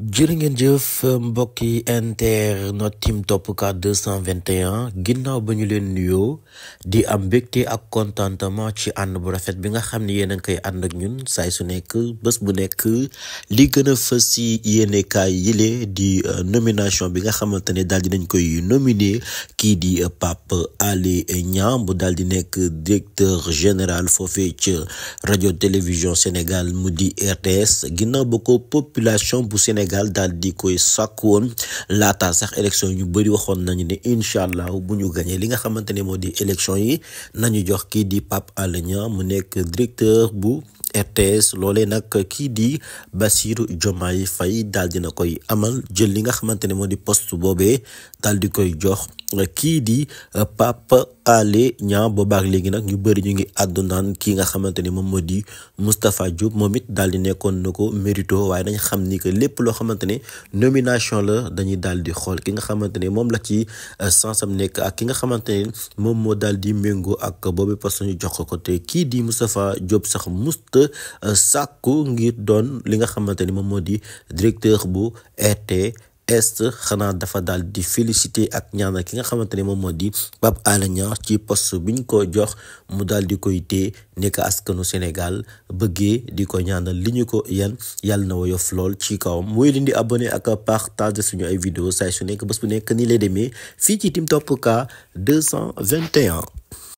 jërë ngeen jëf mbokki internet tim topp ka 221 ginnaaw ba ñu leen nuyoo di am mbégte ak contentement ci ànd bu rafet bi nga xam ni yéen a koy ànd ak ñun saay su nekk bës bu nekk li gën fa si yéenekaay yile di euh, nomination bi nga xamante ne daal di nañ koy nominer kii di euh, Pape Alé Niang bu daal di nekk directeur général foofee ci rajo télévision Sénégal mu di RTS ginnaaw ba ko population bu Sénégal Sénégal daal di koy sàkk woon laata sax élection yu bëri waxoon nañu ne incha allah bu ñu gañee li nga xamante ne moo di élection yi nañu jox kii di Pape Alé Niang mu nekk directeur bu RTS loolee nag kii di Bassirou Diomaye fay daal dina koy amal jël li nga xamante ne moo di poste boobee daal di koy jox kii di Pape Alé Niang boobaak léegi nag ñu bëri ñu ngi àddu naan kii nga xamante ni moom moo di Moustapha Diop moom it daal di nekkoon na ko mérito waaye dañ xam ni que lépp loo xamante ne nomination la dañuy di xool ki nga xamante ne moom la ci euh, sansam nekk ak ki nga xamante moom moo daal di méngoo ak boobu parce que ñu jox ko te kii di Moustapha Diop sax musta euh, sàkku ngir doon li nga xamante ni moom moo di directeur bu RT est xanaa dafa daal di félicité ak ñaanal ki nga xamante ne moom moo di Pape Alé ci poste bi ñu ko jox mu daal di koy téye nekk askanu Sénégal bëggee di ko ñaanal li ñu ko yan yàlla na woyof lool ci kawam mooy leen di abonné ak partage suñu ay video saay su nekk bés bu nekk nii lay demee fii ci Tim Top Cas 221